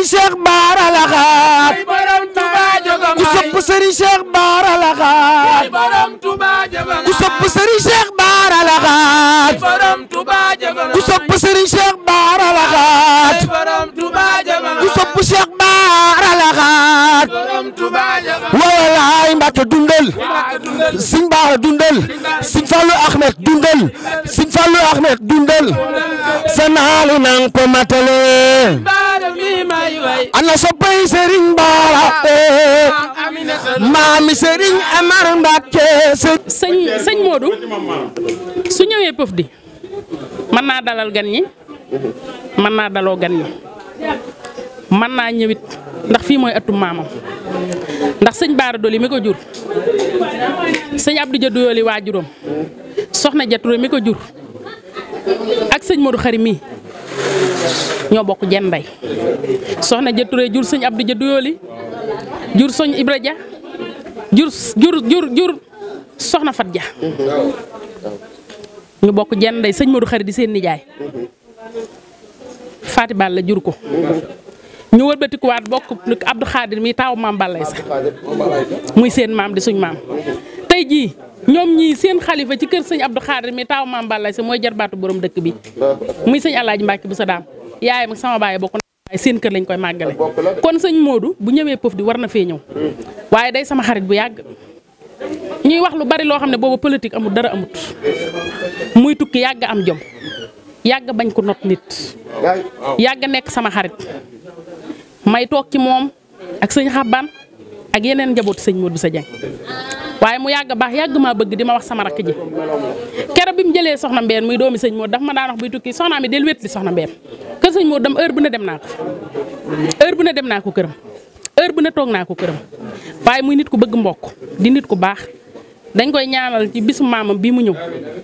Serigne Cheikh Bara la xaat Abdoulaye Mbacke dundal Sëñ Bara dundal Sëñ Fallou Ahmed dundal Sëñ Fallou Ahmed dundal seen xaalu nang ko matale ana soppay Serigne Bara maami Serigne Amar Mbacke sëñ sëñ Modou su ñëwee pëf di naa dalal gan ñi mën naa daloo gan ñi mën naa ñëwit ndax fii mooy atum maamam ndax sëñ Baara Doli mi ko jur sëñ Abdou Dia Doyoly waajuram soxna Dia Touré mi ko jur ak sëñ Modou Khary mii ñoo bokk jenn ndey soxna Dia Touré jur sëñ Abdou Dia Doyoly jur soñ Ibra ja jur jur jur soxna Fat Dia ñu bokk jenn ndey sëñ Modou Khary di seen nijaay Faati Bal la jur ko ñu wëlbatikuwaat bokk Abdou Khadir mi taaw maam Balaye sax muy seen maam di suñ maam tey jii ñoom ñii seen xalifa ci kër sëñ abdu Khadir mi taaw maam Balaye sax mooy jarbaatu borom dëkk bi muy sëñ Alaaji Mbàkke bu sa daam yaayam ak sama baay bokk waaye seen kër lañ koy màggale kon sëñ moodu bu ñëwee Pof di war na fee ñëw waaye day sama xarit bu yàgg ñuy wax lu bari loo xam ne boobu politique amul dara amut muy tukki yàgg am jom yàgg bañ ko not nit yàgg nekk sama xarit may toog ci moom ak sëñ xabban ak yeneen njabootu sëñ Modou Sa Dieng waaye mu yàgg baax yàgg maa bëgg di ma wax sama rakk ji keroog bi mu jëlee soxna mbeen muy doomi sëñ Modou daf ma daan wax buy tukki soxnaa mi del wétli soxna mbeen kër sëñ Modou dam heure bu ne dem naa ko heure bu ne dem naa ko këram heure bu ne toog naa ko këram waaye muy nit ku bëgg mbokk di nit ku baax dañ koy ñaanal ci bisu maamam bii mu ñëw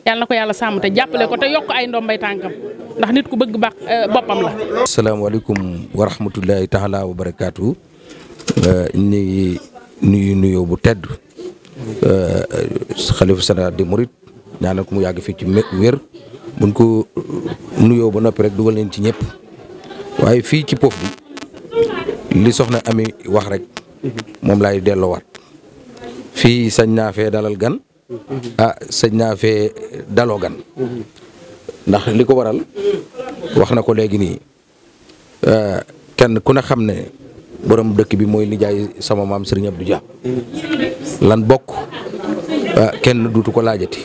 yàlla na ko yàlla sàmm te jàppale ko te yokk ay ndombay tànkam ndax nit ku bëgg baax euh, boppam la. asalaamaaleykum wa rahmatullahi taala wa barakaatu euh, ñu ngi nuyu nuyoo bu tedd euh, xalifa général des mourides ñaanal ko mu yàgg fii ci wér buñ ko nuyoo ba noppi rek dugal leen ci ñépp waaye fii ci poof bi li soxna ami wax rek moom laay delloowaat fii sañ naa fee dalal gan ah sañ naa fee daloo gan ndax li ko waral wax na ko léegi nii euh, kenn ku ne xam ne borom dëkk bi mooy nijaay sama maam Serigne du Dia lan bokk euh, kenn duutu ko laajati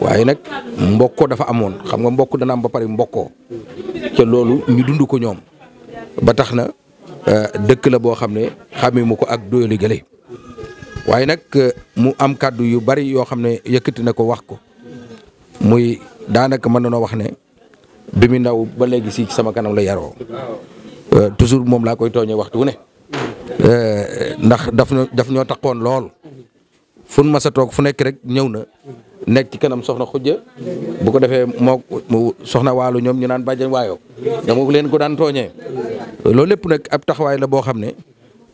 waaye nag mbokkoo dafa amoon xam nga mbokk dana am ba pare mbokkoo te loolu ñu dund ko ñoom ba tax na euh, dëkk la boo xam ne xamee ko ak doyali gële waaye nag mu am kàddu yu bari yoo xam ne yëkkati na ko wax ko muy daanaka mën na noo wax ne bi mu ndaw ba léegi si sama kanam la yaroo euh, toujours moom laa koy tooñee waxtu wu ne euh, ndax daf ñoo daf ñoo taxoon lool fu nu mas toog fu nekk rek ñëw na nekk ci kanam soxna xujja bu ko defee moo soxna walo ñoom ñu naan bàjjan waayo dama leen ko daan tooñee loolu lépp nag ab taxawaay la boo xam ne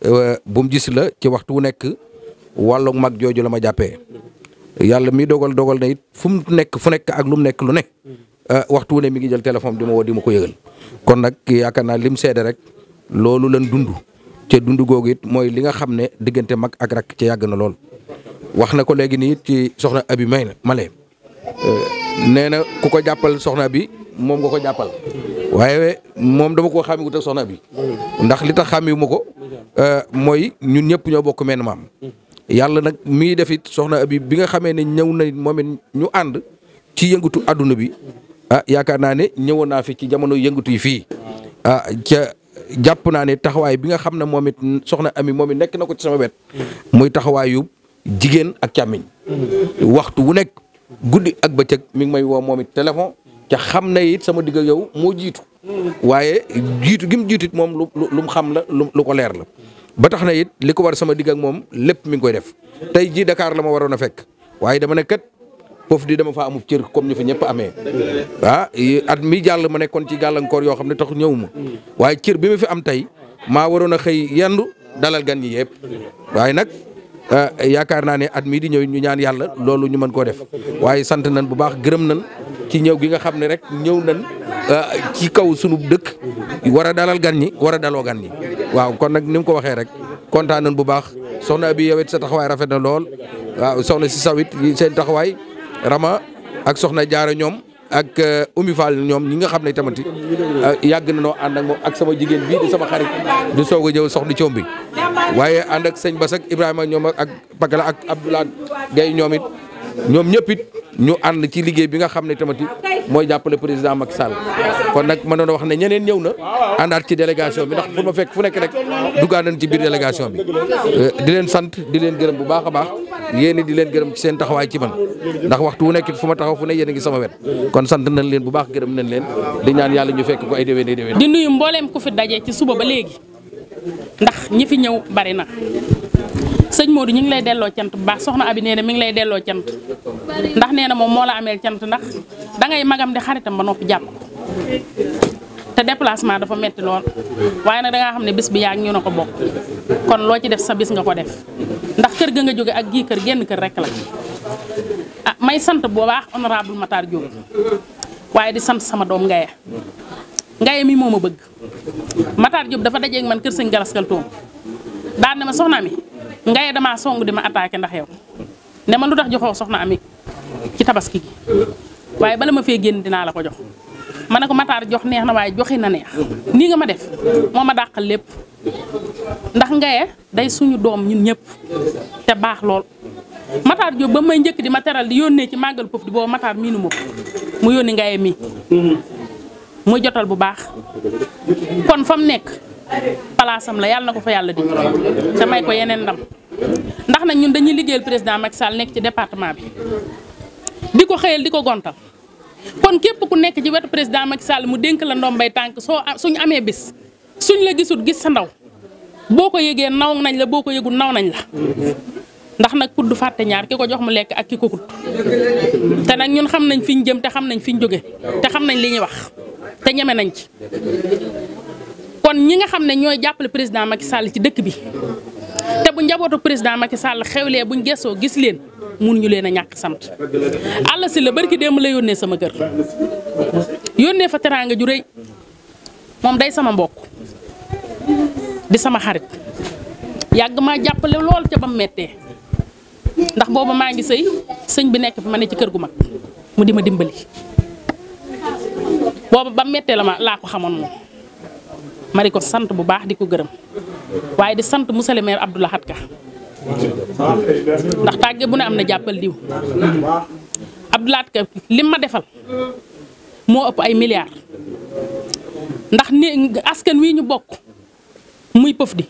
euh, bu mu gis la ci waxtu wu nekk wàllu mag jooju la ma jàppee yàlla mi dogal dogal na it fu mu nekk fu nekk ak lu mu nekk lu ne ah, waxtu wu ne mi ngi jël téléphone di ma woo di ma ko yëgal kon nag yaakaar naa lim seede rek loolu lan dund ca dund googu it mooy li nga xam ne diggante mag ak rak ca yàgg na lool. wax na ko léegi nii ci soxna abi may na male eh, nee na ku ko jàppal soxna bi moom nga ko jàppal waaye moom dama koo xàmmiwut ak soxna bi ndax li tax xàmmiwu ma ko eh, mooy ñun ñëpp ñoo bokk menn maam yàlla nag mi ngi def it soxna Habib bi nga xamee ne ñëw na moom it ñu ànd ci yëngatu àdduna bi ah, yaakaar naa ne ñëwoon naa fi ci jamono yëngatu yi fii ah, ca jàpp naa ne taxawaay bi nga xam ne moom it soxna Ami moom it nekk na ko ci sama wet mooy taxawaayu jigéen ak càmmiñ waxtu wu nekk guddi ak bëccëg mi ngi may woo moom it téléphone ca xam na it sama digg ak yow moo jiitu waaye jiitu gim mu moom lu lu xam la lu ko leer la ba tax na it li ko war sama digg ak moom lépp mi ngi koy def tey jii Dakar la ma waroon a fekk waaye dama ne kat foofu di dama fa amub cër comme ñu fi ñëpp amee. Ah, at mi jàll ma nekkoon ci gàllankoor yoo xam ne tax ñëw ma waaye cër bi ma fi am tey maa waroon a xëy yandu dalal gan ñi yëpp waaye nag. Eh, yaakaar naa ne at mii di ñëw ñu ñaan yàlla loolu ñu mën koo def waaye sant nañ bu baax gërëm nañ ci ñëw gi nga xam ne rek ñëw nañ Euh, ci kaw sunu dëkk war a dalal gan ñi war a daloo gan ñi waaw kon nag ni mu ko waxee rek kontaan bu baax soxna bi yow sa taxawaay rafet na lool waaw soxna si sawit seen taxawaay Rama ak soxna jaaro ñoom ak euh, Oumy ñoom ñi nga xam ne tamit euh, yàgg na noo ànd ak moom ak sama jigéen bii di sama xarit du soog a ñëw soxna Thiam bi waaye ànd ak sëñ Bass ak Ibrahima ñoom ak Pakala ak Abdoulaye Gaye ñoom ñoom ñëpp it ñu ànd ci liggéey bi nga xam ne tamit mooy jàppale président Macky Sall kon nag ma doon wax ne ñeneen ñëw na àndaat ci délégation bi ndax fu ma fekk fu nekk rek duggaa nañ ci biir délégation bi euh, di leen sant di leen gërëm bu baax a baax yéen di leen gërëm ci seen taxawaay ci man ndax waxtu wu nekk fu ma taxaw fu ne yéen a sama wet kon sant nañ leen bu baax gërëm nañ leen di ñaan yàlla ñu fekk ko ay déwén ay déwén di nuyu mbooleem ku fi daje ci suba ba léegi ndax ñi fi ñëw bari na sëñ Modou ñu ngi lay delloo cant bu baax soxna abi nee na mi ngi lay delloo cant ndax nee na moom moo la ameel cant ndax dangay magam di xaritam ba noppi jàpp te déplacement dafa metti lool waaye nag dangaa xam ne bis bi yaa ngi ñu na ko bokk kon loo ci def sa bis nga ko def ndax kër ga nga jóge ak gii kër génn kër rek la ah may sant bu baax honorable Matar Diop waaye di sant sama doom Ngaye Ngaye mi moom ma bëgg Matar Diop dafa dajeeg man kër sëñ Galaskal Toom daan ma soxna mi ngay damaa song di ma attaqué ndax yow ne ma lu tax joxoo soxna ami ci tabaski gi waaye bala ma fee génn dinaa la ko jox ma ne ko mataar jox neex na waaye joxi na neex nii nga ma def moo ma dàqal lépp ndax ngaye day suñu doom ñun ñëpp te baax lool mataar Diop ba may njëkk di ma teral di yónnee ci màggal pëf di boo mataar miinu ma mu yónni ngaye mi mm-hmm. muy jotal bu baax kon fa nekk palaasam la yàlla na ko fa yàlla di te may ko yeneen ndam ndax nag ñun dañuy liggéeyal président Macky Sall nekk ci département bi di ko xëyal di ko gontal kon képp ku nekk ci wetu président Macky Sall mu dénk la ndombay tànk soo suñu amee bis suñ la gisul gis sa ndaw boo ko yëgee naw nañ la boo ko yëgul naw nañ la ndax nag kudd fàtte ñaar ki ko jox mu lekk ak ki ko kut te nag ñun xam nañ fi ñu jëm te xam nañ fi ñu jóge te xam nañ li ñuy wax te ñeme nañ ci kon ñi nga xam ne ñooy jàppale président Macky Sall ci dëkk bi te bu njabootu président Macky Sall xewlee ñu gesoo gis leen mënuñu leen a ñàkk sant àll si la barki démb la yónnee sama kër yónnee fa teraanga ju rëy moom day sama mbokk di sama xarit yàgg ma jàppale lool ca bam mettee ndax booba maa ngi sëy sëñ bi nekk fi ma ne ci kër gu mag mu di ma dimbali booba ba mettee la ma laa ko xamoon moom ma ko sant bu baax di ko gërëm waaye di sant monsieur le maire Abdou Lahad Ka ndax tàgge bu ne am na jàppal diw Abdou Lahad lim ma defal moo ëpp ay milliards ndax ni askan wi ñu bokk muy pëf di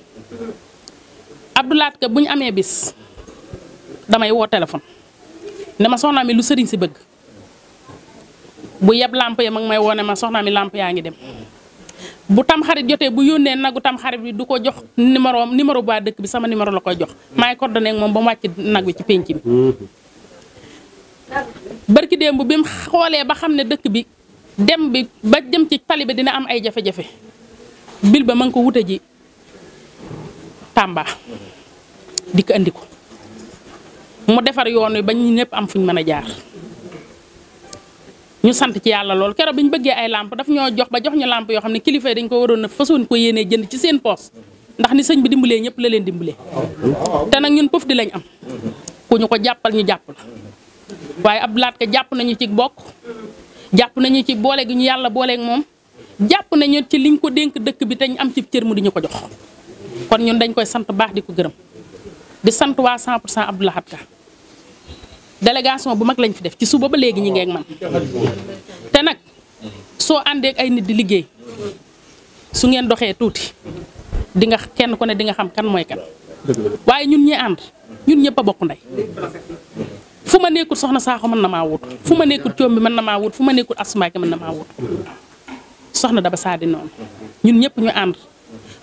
Abdou Lahad Ka bu ñu amee bis damay woo téléphone ne ma soxna mi lu sëriñ si bëgg bu yeb lamp ya mag may woo ne ma soxna mi làmp yaa ngi dem bu tam jotee bu yónnee nagu tam bi du ko jox numéro am numéro bu dëkk bi sama numéro la koy jox maay coordonné ak moom ba mu wàcc nag wi ci penc mi barki démb bi mu xoolee ba xam ne dëkk bi dem bi ba dem ci tali bi dina am ay jafe-jafe bil ba ma ngi ko wute ji Tàmba di andi ko mu defar yoon wi ba ñu ñëpp am fuñ mën a jaar ñu sant ci yàlla lool keroog bi ñu bëggee ay làmp daf ñoo jox ba jox ñu làmp yoo xam ne kilifa yi dañ ko waroon a fasoon ko yéenee jënd ci seen poos ndax ni sëñ bi dimbalee ñëpp la leen dimbalee te nag ñun pëf di lañ am ku ñu ko jàppal ñu jàpp la waaye Abdou Lahad Ka jàpp nañu ci bokk jàpp nañu ci boole gi ñu yàlla booleeg moom jàpp nañu ci liñ ko dénk dëkk bi te ñu am ci cër mu di ñu ko jox kon ñun dañ koy sant baax di ko gërëm di sant waa 100 pour cent Abdou Lahad Ka délégation bu mag lañ fi def ci suba ba léegi ñi ngeeg man te nag soo àndee ay nit di liggéey su ngeen doxee tuuti dinga nga kenn ku ne di nga xam kan mooy kan waaye ñun ñi ànd ñun ñëpp a bokk ndey fu ma nekkul soxna saaxo mën na maa wut fu ma nekkul coom bi mën na maa wut fu ma nekkul asumaake mën na maa wut soxna daba saa di noonu ñun ñëpp ñu ànd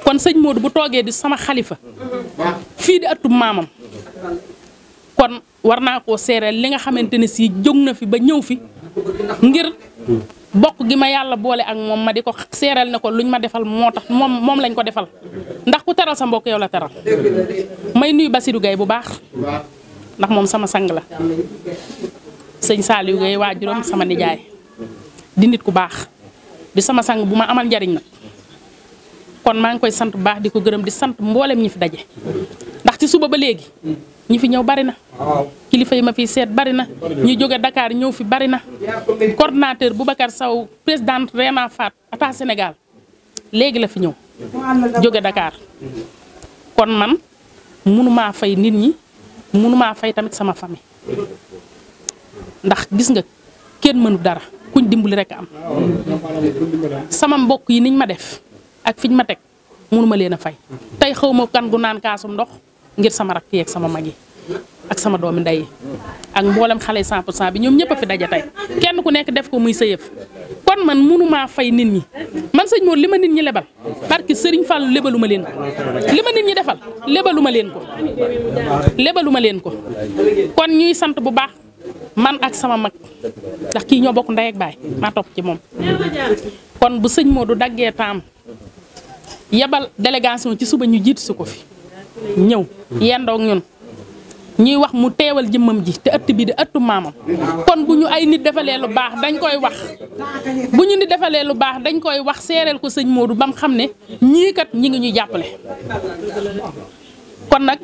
kon sëñ Modou bu toogee di sama xalifa fii di atum maamam kon war naa koo seereel li nga xamante ne sii jóg na fi ba ñëw fi ngir bokk gi ma yàlla boole ak moom ma di ko seereel ne ko luñ ma defal moo tax moom lañ ko defal ndax ku teral sa mbokk la teral may nuyu Basirou Gueye bu baax ndax moom sama sang la sëñ Saliou Gueye waajuram sama nijaay di nit ku baax di sama sang bu ma amal njariñ nag kon maa ngi koy sant bu baax di ko gërëm di sant mboolem ñi fi daje ndax ci suba ba léegi ñi fi ñëw bari na kilifa yi ma fi seet bari na ñu jóge Dakar ñëw fi bari na coordonnateur Boubacar saw présidente Réna Fat ata Sénégal léegi la fi ñëw jóge dakaar kon man mënumaa fay nit ñi mënumaa fay tamit sama famille ndax gis nga kenn mënu dara kuñ dimbali rek am sama mbokk yi niñ ma def ak fiñ ma teg mënuma leen a fay tey xaw ma kan gu naan kaasum ndox ngir sama rakk yeeg sama mag yi ak sama doomi ndey ak mboolem xale yi 100 pour bi ñoom ñëpp a fi daje tey kenn ku nekk def ko muy sa kon man mënumaa fay nit ñi man sëñ moo li ma nit ñi lebal parce que Serigne Fall lebalu ma leen ko li ma nit ñi defal lebalu ma leen ko lebalu ma leen ko kon ñuy sant bu baax man ak sama mag ndax kii ñoo bokk ndey baay maa topp ci moom kon bu sëñ moo du daggee taam yebal délégation ci suba ñu jiit si ko fi ñëw yendoog ñun ñuy wax mu teewal jëmmam ji te ëtt bi di ëttu maamam kon bu ñu ay nit defalee lu baax dañ koy wax bu ñu nit defalee lu baax dañ koy wax seereel ko sëñ Modou ba mu xam ne ñii kat ñi ngi ñuy jàppale kon nag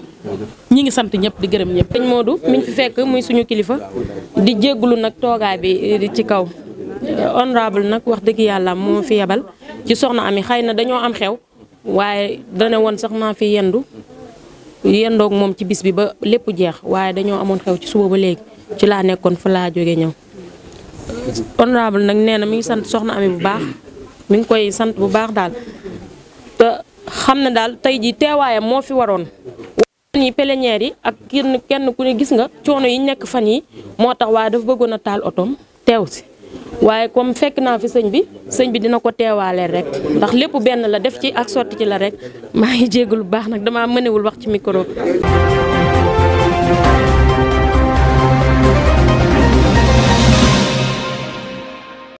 ñi ngi sant ñëpp di gërëm ñëpp. sëñ Modou miñ fi fekk muy suñu kilifa di jégglu nag toogaay bi ci kaw honorable nag wax dëgg yàlla moo fi yebal ci soxna Ami xëy na dañoo am xew waaye dana woon sax naa fi yendu yendoog moom ci bis bi ba lépp jeex waaye dañoo amoon xew ci suba ba léegi ci laa nekkoon fa laa jóge ñëw honorable nag nee na mi ngi sant soxna Ami bu baax mi ngi koy sant bu baax daal te xam ne daal tey ji teewaayam moo fi waroon fan yi plénière yi ak kenn kenn ku ne gis nga coono yi nekk fan yi moo tax waaye dafa bëggoon a taal otoom teew si waaye comme fekk naa fi sëñ bi sëñ bi dina ko teewaaleel rek ndax lépp benn la def ci ak sotti ci la rek maa ngi jégalu baax nag damaa mënewul wax ci micro